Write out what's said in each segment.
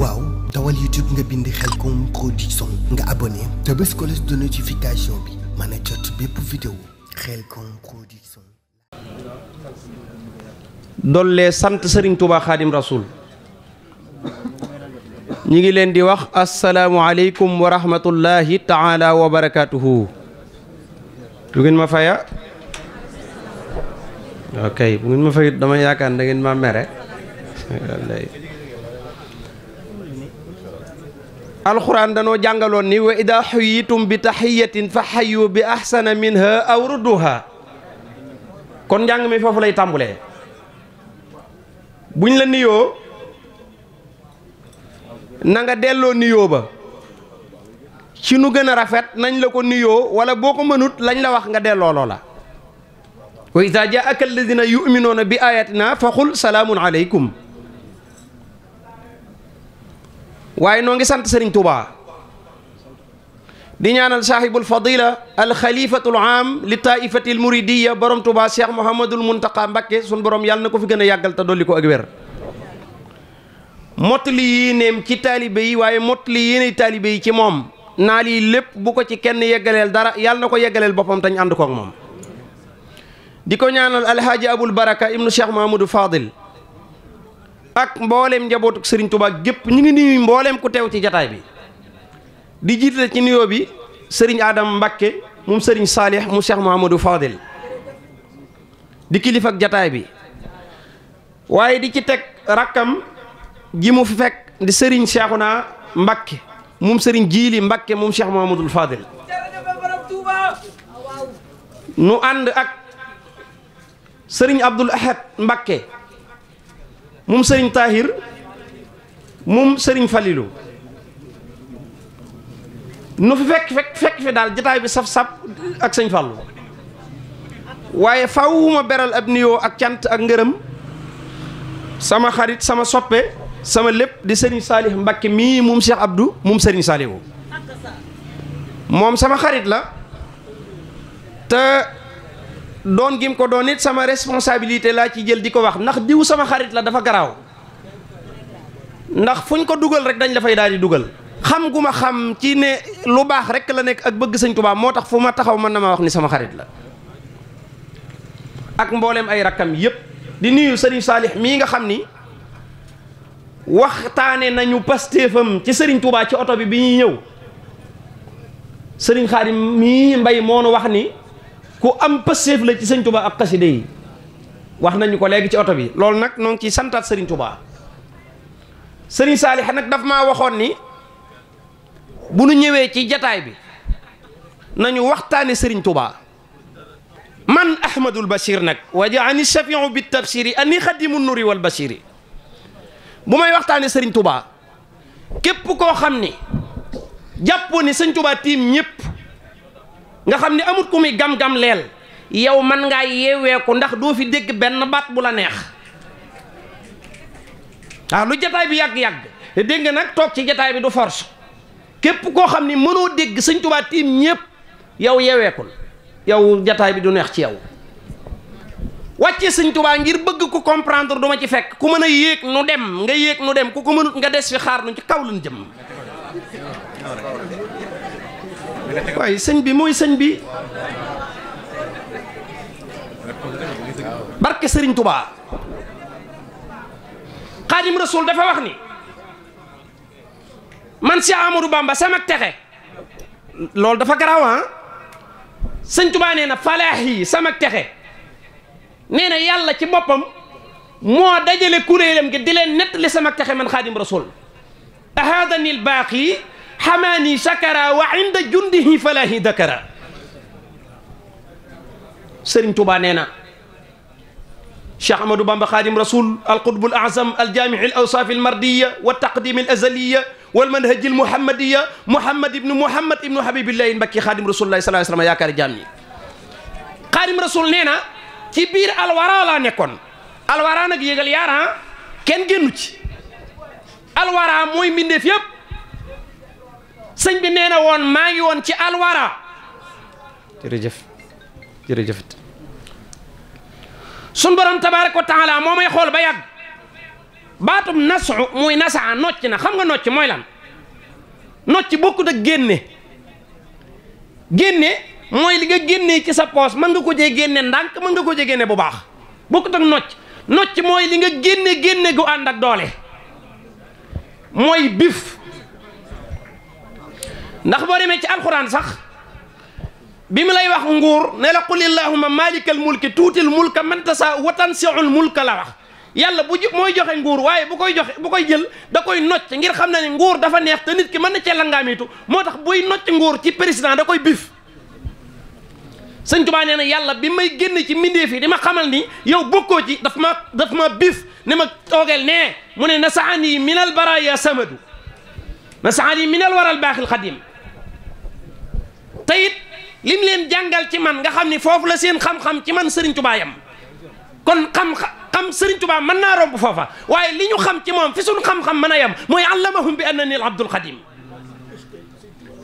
waaw dawal YouTube nga bind Khelcom Production nga abonné te bés cloche de notification bi mën a jot bépp vidéo dollee sant Serigne Touba Khadim Rasoul ñi ngi leen di wax asalaamualeykum wa rahmatullahi taala wa barakaatuhu du ma faya ok bu ngeen ma fayut dama yaakaar da ngeen ma mere alxuraan danoo jàngaloon ni wa ida xuyitum bi taxiyatin fa xayu bi ahsana minha aw rudduha kon njàng mi foofu lay tàmbulee buñ la nuyoo na nga delloo nuyoo ba ci nu gën a rafet nañ la ko nuyoo wala boo ko mënut lañ la wax nga delloo loola wa ida jaaka alladina yuminuuna bi ayatina fa qul salaamun aleykum waaye noo ngi sant sëriñ Touba di ñaanal saahibul fadila alxalifatul am li taaifatil muridiya borom Touba Cheikh Mouhamadul Muntaqa Mbakke sun borom yàlla na ko fi gën a yàggal te dolli ko ak wér mottali yéeneem ci taalibe yi waaye mottali yéene taalibe yi ci moom naa lii lépp bu ko ci kenn yeggaleel dara yàlla na ko yeggaleel boppam tañ ànd koog moom di ko ñaanal alhaaji abul baraka ibnu Cheikh Mahamadou Fadil ak mboolem njabootuk sëriñ Touba gépp ñu ngi nuyu mbooleem ku teew ci jataay bi di jiital ci nuyoo bi sëriñ Adam Mbakke moom sëriñ Saalix mu Cheikh Mouhamadou Fadel di kilifa ak jataay bi waaye di ci teg rakkam ji mu fi fekk di sëriñ Cheikhouna Mbakke moom sëriñ Jiili Mbakke moom Cheikh Mouhamadou Fadel nu ànd ak sëriñ Abdoul Ahad Mbakke moom sëriñ Tahir moom sëriñ Falilou nu fi fekk fekk fekk fi daal jataay bi saf-saf ak sëñ Fallou waaye fawuma beral ab nuyoo ak cant ak ngërëm sama xarit sama soppe sama lépp di sëriñ Salih Mbakke mii moom Cheikh Abdou moom sëriñ Salihu moom sama xarit la te Don gim ko donit sama responsabilité la ci jël diko wax ndax diw sama xarit la dafa graw ndax fuñ ko dugal rek dañ la fay daali duggal dugal xam guma xam ci ne lu bax rek la nek ak bëgg señ touba motax fuma taxaw man na wax ni sama xarit la ak mbollem ay rakam yep, di nuyu serigne salih mi nga xam ni waxtane nañu pastéefam ci serigne touba ci auto bi bi ñuy ñëw sëriñ mi mii mbay moonu wax ni ko am pëseef la ci sëñ Touba ak xaside yi wax nañu ko léegi ci oto bi loolu nag noo ngi ciy santaat sëriñ Touba sëriñ Saalix nag daf maa waxoon ni bu nu ñëwee ci jataay bi nañu waxtaane sëriñ Touba man Ahmadul Bachir nag wajaani shafiu bi tabsiri ani xadimu nuri wal bashiri bu may waxtaane sëriñ Touba képp ko xam ni jàppoo ni sëñ Touba tiim ñëpp nga xamni amut kumi gam-gam lel, yow man yewé ko ndax do fi deg ben bat bu la neex Ah, lu jotaay bi yag yag dégg nak tok ci jotaay bi du force kep ko xamni meuno deg seigne touba tim ñepp yow yewé yeeweekul yow jotaay bi du neex ci yow wacce seigne touba ngir bëgg ku comprendre duma ci fekk ku meuna yek nu dem nga yek nu dem ku ko meunut nga dess fi xaar nu ci kaw jëm واي سن بي توبا قادم رسول دفا وخني من سي عمرو بامبا سامك تخي لول دفا كراو ها سن نينا فلاحي سامك تخي نينا يالا تي بوبام مو داجالي كوريلم كي دي نت نيت تخي من خادم رسول اهذا الباقي حماني شكرا وعند جنده فلاه ذكرا سرين توبا نينا شيخ احمد بامبا خادم رسول القطب الاعظم الجامع الاوصاف المرديه والتقديم الازليه والمنهج المحمديه محمد ابن محمد ابن حبيب الله مكي خادم رسول الله صلى الله عليه وسلم يا كاري جامي خادم رسول نينا ci biir alwara laa nekkoon alwara nag yégal yaara kenn génnu ci alwara mooy mbindeef yépp sëñ bi nee woon maa ngi woon ci alwara jërëjëf jërëjëf sun borom tabaaraka wa taala moo xool ba yàgg baatum nasu muy nasaa nocc na xam nga nocc mooy lan nocc bokkut ak génne génne mooy li nga génne ci sa poos mën nga ko jee génne ndànk mën nga ko jee génne bu baax bokkut ak nocc nocc mooy li nga génne génne gu ànd ak doole mooy bif ndax bo demé ci alcorane sax bim lay wax ngour ne la qul illahuma malikal mulki tuutil mulka man tasa wa tansiul mulka la wax yàlla bu moy joxe ngour waye bu koy joxe bu koy jël da koy notch ngir xamna ni ngour dafa neex te nit ki man na cee langaamitu moo tax buy notch ngour ci président da koy bif seigne touba neena yàlla bi may génn ci minde fi dima xamal ni yow bokko ci daf ma daf ma bif ne ma toogeel nee mu ne nasaani minal baraya samadu wara al waral al qadim tayit lim leen jangal ci man nga xamni ni la seen xam-xam ci man Serigne Touba yam kon xam xam Serigne Touba mana na romb fofa waye liñu xam ci mom fi suñu xam-xam man yam moy allamahum bi annani al abdul Khadim.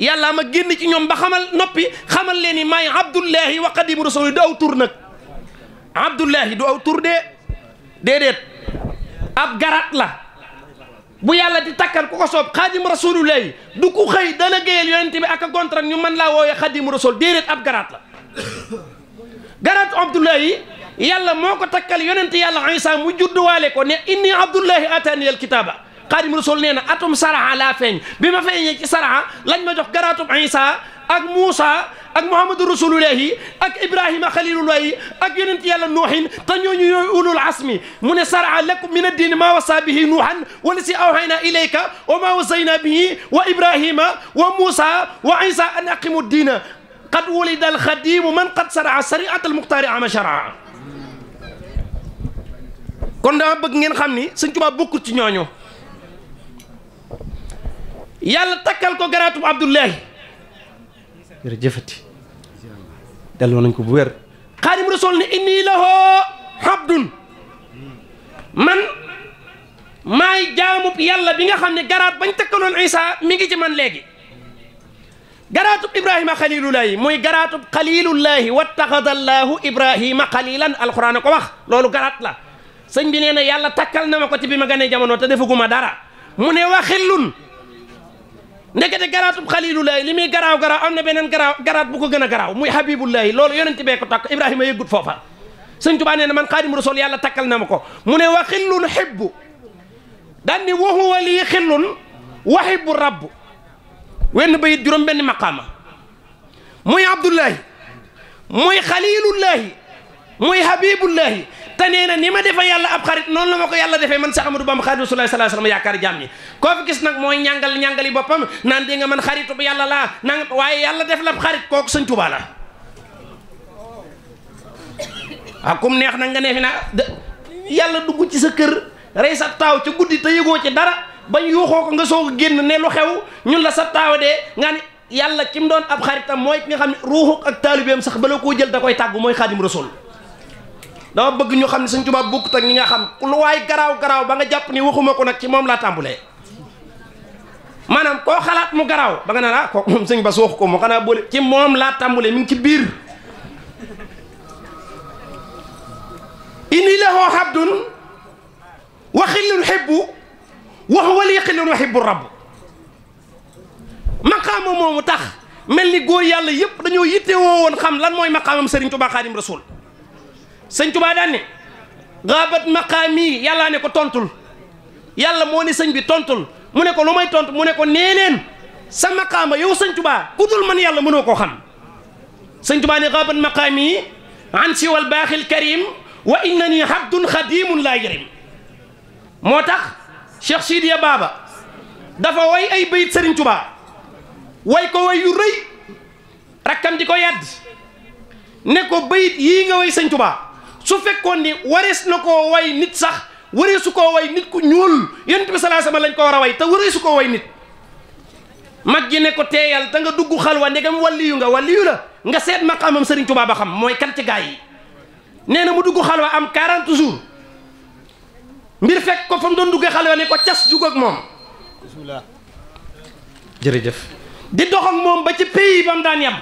yalla ma genn ci ñom ba xamal nopi xamal leen ni may abdullah wa qadim rasul do aw tur nag de dedet ab garat la bu yàlla di takkal ku ko soob xaadim rasulullahi du ku xëy dana géyal yonent bi ak a contrat ñu mën laa wooyee xaadim rasul déedéet ab garaat la garaatu abdullahi yàlla moo ko takkal yonent yàlla isa mu judduwaale ko ne inni abdullahi ataani al kitaaba xaadim rasul nee na atum saraxa laa feeñ bi ma feeñee ci saraxa lañ ma jox garaatub isa ak Moussa ak Muhammadu Rasulullahi ak Ibrahima Xalilullahi ak yonent yàlla Nuuhin te ñooñu ñooy ulul asmi mu ne saraa lakum min addiini maa wasaa bihi Nuuhan wa lazi awhaynaa ilayka wa maa wasaynaa bihi wa Ibrahima wa Moussa wa Isa an aqimu diina qad wulida alxadiimu man qad saraa sariatal muxtaari ama sharaa kon dama bëgg ngeen xam ni Sëñ Tuubaa bokkul ci ñooñu yàlla takkal ko garaatub Abdullahi jërëjëfati delloo nañ ko bu wér xaadim rasul ne inni lahoo xabdun man maay jaamub yàlla bi nga xam ne garaat bañ tëkkaloon Isa mi ngi ci man léegi garaatub ibrahima xalilullaahi muy garaatub xalilullaahi wattaxada allaahu ibrahima xalilan alquran a ko wax loolu garaat la sëñ bi nee na yàlla takkal na ma ko ci bi ma ganee jamono te ma dara mu ne waxillun نكتة قرأت بخليل الله لمي قرأ وقرأ أمن بينن قرأ قرأت بكو جن قرأ ومي حبيب الله لول يرن تبيك تك إبراهيم يقول فوفا سنجباني نمن قادم رسول الله تكل نمكو من وخل حب دني وهو لي خل وحب الرب وين بيدرون بين مقامه مي عبد الله مي خليل الله مي حبيب الله te nee na ni ma ab xarit non la mako yalla yàlla man sa Amadou Bamba khadim sallallahu alaihi wasallam wa jamni ko fi gis nak moy ñangal ñangali bopam nan di nga man xaritu bi yalla la nang waye yalla def la ab xarit kok sëñ Tuubaa la akum ah neex nag nga neefina yalla duggu ci sa kër ray sa taw ci guddii te yego ci dara bañ yu xoko nga ne lu xew ñun la sa taw de nga ni yalla kim doon ab xaritam moy ki nga xamni ruhuk ak talibem sax balako jël da koy moy khadim rasul dama bëgg ñu xam ne sëñ Tuubaa bokkut ak ñi nga xam lu waay garaaw garaaw ba nga jàpp ni waxuma ko nag ci moom laa tàmbulee maanaam koo xalaat mu garaaw ba nga naan ah kooku moom sëñ Bass waxu ko mu xanaa boole ci moom laa tàmbulee mi ngi ci biir inni lahoo habdun waxillun xibbu wax wali xillun waxibbu rabb maqaama moomu tax mel ni góor yàlla yëpp dañoo yitte woo woon xam lan mooy maqaamam Sëriñ Tuubaa Xaadim Rasuul سنج با داني غابت مقامي يالا نيكو تونتول يالا موني سنج بي تونتول مونيكو لوماي تونت مونيكو نينين سا مقام يو سنج با كودول من يالا مونوكو خام سنج با ني غابت مقامي عن سوى الباخ الكريم وانني حد خديم لا يرم موتاخ شيخ سيدي بابا دا فا واي اي بيت سرين توبا واي كو واي يوري راكام ديكو ياد نيكو بيت ييغا واي سرين توبا su fekkoon ni warees na koo way nit sax wareesu koo way nit ku ñuul yonent bi sallallahu alayhi wasallam lañ ko war a way te wareesu koo way nit mag ji ne ko teeyal te nga dugg xalwa ndegam waliyu nga waliyu la nga seet maqaamam Serigne Touba ba xam mooy kan ci gaay yi nee na mu dugg xalwa am 40 jours mbir fekk ko fa mu doon duggee xalwa ne ko cas jug ak moom. bismillah jërëjëf. di dox moom ba ci pays ba mu daan yam.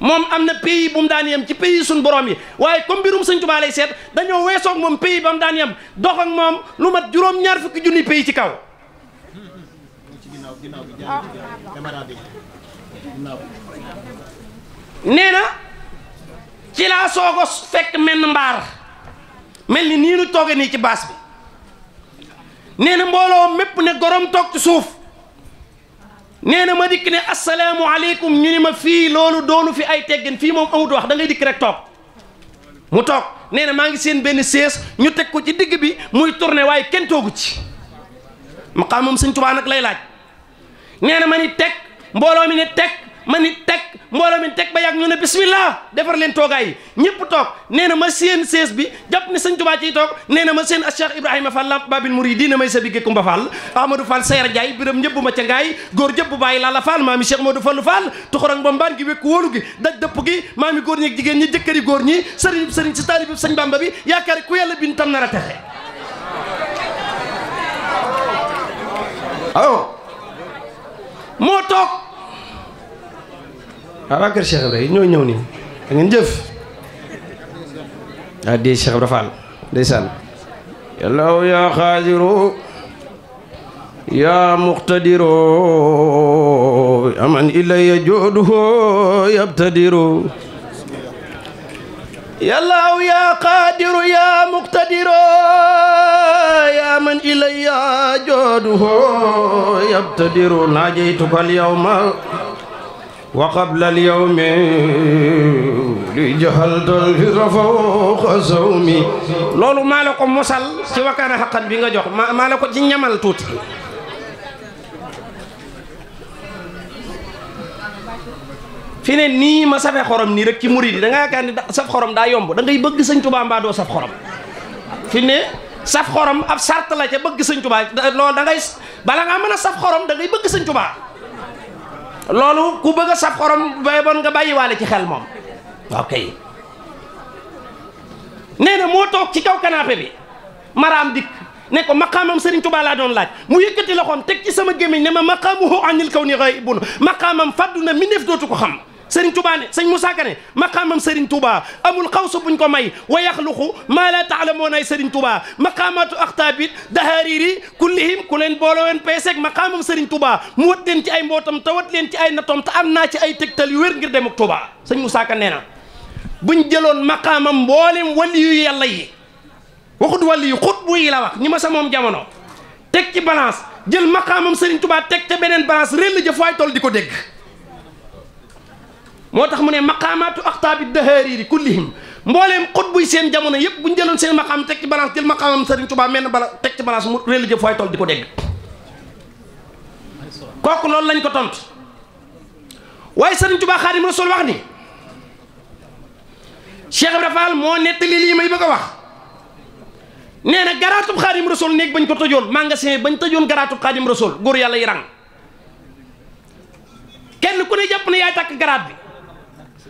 moom am na pays bu mu daan yem ci pays suñ borom yi waaye comme mbirum sëñ Tuubaa lay seet dañoo weesoog moom pays ba mu daan yem dox ak moom lu mat juróom-ñaar fukki junni pays ci kaw nee na ci laa soogo fekk menn mbaar mel ni nii nu tooge nii ci baas bi nee na mbooloo mépp ne gorom toog ci suuf nee na ma dikk ne asalaamualeykum ñu ni ma fii loolu doonu fi ay teggin fii moom amut wax da ngay dikk rek toog mu toog nee na maa ngi seen benn sées ñu teg ko ci digg bi muy tourné waaye kenn toogu ci maqaamam sëñ Tuubaa nag lay laaj nee na ma ni teg mbooloo mi ne teg ma ni teg mbooloo mi teg ak ñu ne bismillah defar len toogaay ñëpp toog nee na ma seen ses bi japp ne sëñ touba ci tok neena ma seen Cheikh Ibrahima Fall babil muridina may sa bi Kumba Fall Ahmadou Fall Sayar jay biram ñepp ma ca ngaay góor jëpp bàyyi lala Fall maami Cheikh Modou fall Fall ak bombar gi wekk wolu gi daj depp gi maami gor ñi ak jigéen ñi jëkkëri gor ñi serigne serigne ci talib sëñ Bamba bi yaakar ku yalla bin tam nara a texe aw abakar cheikh ibrahim ñoy ñew ni ngeen jëf adi ah, cheikh rafal ndaysan yalla ya khadiru ya muqtadiru aman ilayya juduhu yabtadiru Ya lau ya Qadir ya Muqtadir ya man ilayya juduhu yabtadiru najaytuka al-yawma وقبل اليوم لجهلت الفطر فوق صومي loolu maa la ko mosal ci wakkaana xaqan bi nga jox ma maa la ko ci ñamal tuuti fi ne nii ma safee xorom nii rek ci murid yi da ni saf xorom daa yomb da ngay bëgg sëñ Tuubaa mbaa doo saf xorom fi ne saf xorom ab sart la ca bëgg sëñ Tuubaa loolu da ngay bala ngaa mën a saf xorom da ngay bëgg sëñ Tuubaa loolu ku bëgg a saf xorom bay bon nga waale ci xel moom ok nee na moo toog ci kaw canapé bi maraam dikk ne ko maqaamam Serigne Touba laa doon laaj mu yëkkati loxoom teg ci sama gémmiñ ne ma maqaamuhu anil kaw ni ghaibun maqaamam fàddu na mi def ko xam sëriñ Tuubaa ne sëñ Moussa Ka ne maqaamam sëriñ Tuubaa amul xawsu buñ ko may wa yaxluqu maa laa taalamoon ay sëriñ Tuubaa maqaamaatu axtaabit dahaariri kullihim ku leen boole woon peeseeg maqaamam sëriñ Tuubaa mu wat leen ci ay mbootam te wat leen ci ay natoom te am naa ci ay tegtal yu wér ngir dem ak Tuubaa sëñ mu Ka nee na buñ jëloon maqaamam mboolem waliyu yàlla yi waxut waliyu xutbu yi la wax ñi ma sa moom jamono teg ci balance jël maqaamam sëriñ Tuubaa teg ca beneen balance réll jëf waay di ko dégg moo tax mu ne maqaamaatu aqtaabi dahaariiri kullihim mbooleem xut buy seen jamono yëpp bu ñu jëloon seen maqaam teg ci balance jël maqaamam Sëriñ Tuubaa menn bala teg ci balance mu religieux fooy toll di ko dégg kooku loolu lañ ko tontu waaye Sëriñ Tuubaa Xaadimu Rasuul wax ni Cheikh Ibra Fall moo nett lii may bëgg a wax nee na garaatub Xaadimu Rasuul néeg bañ ko tëjoon magasin bañ tëjoon garaatub Xaadimu Rasuul góor yàlla yi rang kenn ku ne jàpp ne yaay bi.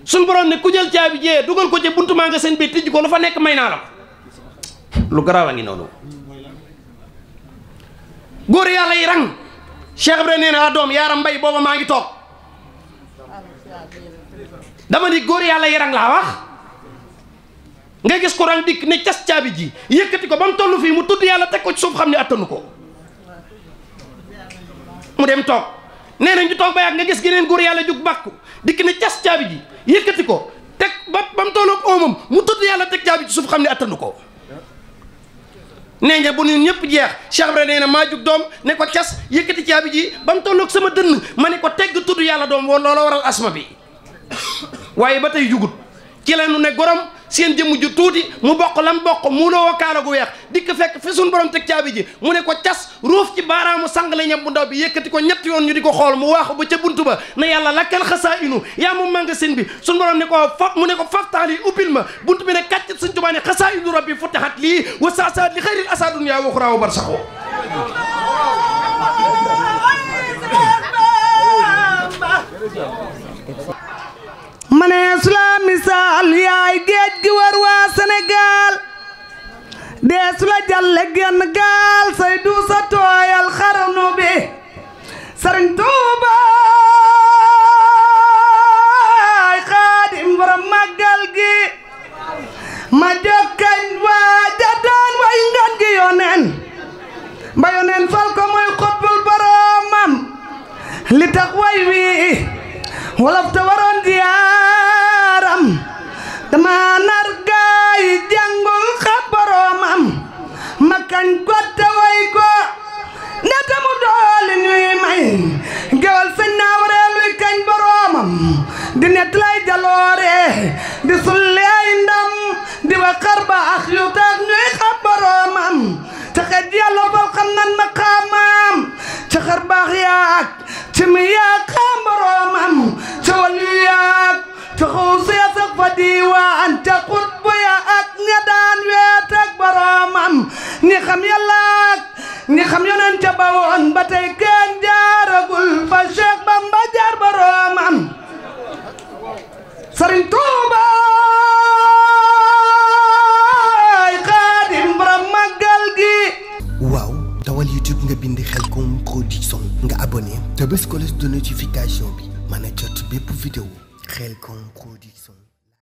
suñ borom ne ku jël caabi jee dugal ko ci buntu maa nga seen biir tijj ko lu fa nekk may naa la ko lu garaaw a ngi noonu góor yàlla yi rang Cheikh Ibrahima nee ah, mbay booba maa ngi toog dama ni góor yàlla yi rang laa wax nga gis ko rang dikk ne cas caabi ji yëkkati ko ba mu toll fii mu tudd yàlla teg ko ci suuf xam ne àttanu ko mu dem toog nee na ñu toog ba yàgg nga gis geneen góor yàlla jug bàkku dikk ne cas caabi ji yëkkati ko teg ba ba mu tolloog oomam mu tudd yàlla teg caabi ci suuf xam ne attanu ko nee nga bu ñun ñëpp jeex Cheikh nee na maa doom ne ko cas yëkkati caabi ji ba mu tolloog sama dënn ma ne ko tegg tudd yàlla doom woon la waral asma bi waaye ba tey jugut ci la nu ne gorom seen jëmm ju tuuti mu bokk lam bokk muuloo wa kaala gu weex dikk fekk fi suñ borom teg caabi ji mu ne ko cas ruuf ci baaraamu sàngale ñam bu ndaw bi yëkkati ko ñetti yoon ñu di ko xool mu waaxu ba ca buntu ba na yàlla lakkal xasaa inu yaa moom magasin bi suñ borom ne ko fa mu ne ko faftaal yi ubbil ma buntu bi ne kàcc suñ tubaane xasaa inu rabbi futihat lii wa saasaat li xayril asaadun yaa waxuraa wa barsaxoo ma ne islaam dee su la jàlle genn gaal say du sa bi sëriñ Tuuba xaadim borom màggal gi ma jokkañ waa jadaan way ngan gi yoneen ba yoneen fal ko mooy xutbul li tax way wi wolof te waroon jiyaa ñetlay jaloore di sulle ay ndam di ba xarba ak yu tax ñuy xabaroomam ca xet yàlla ba xam nan maqaamaam ca xarbaax yaak ci mi yaak xabaroomam ca wàllu yaak ca xawsiya sax fa diiwaa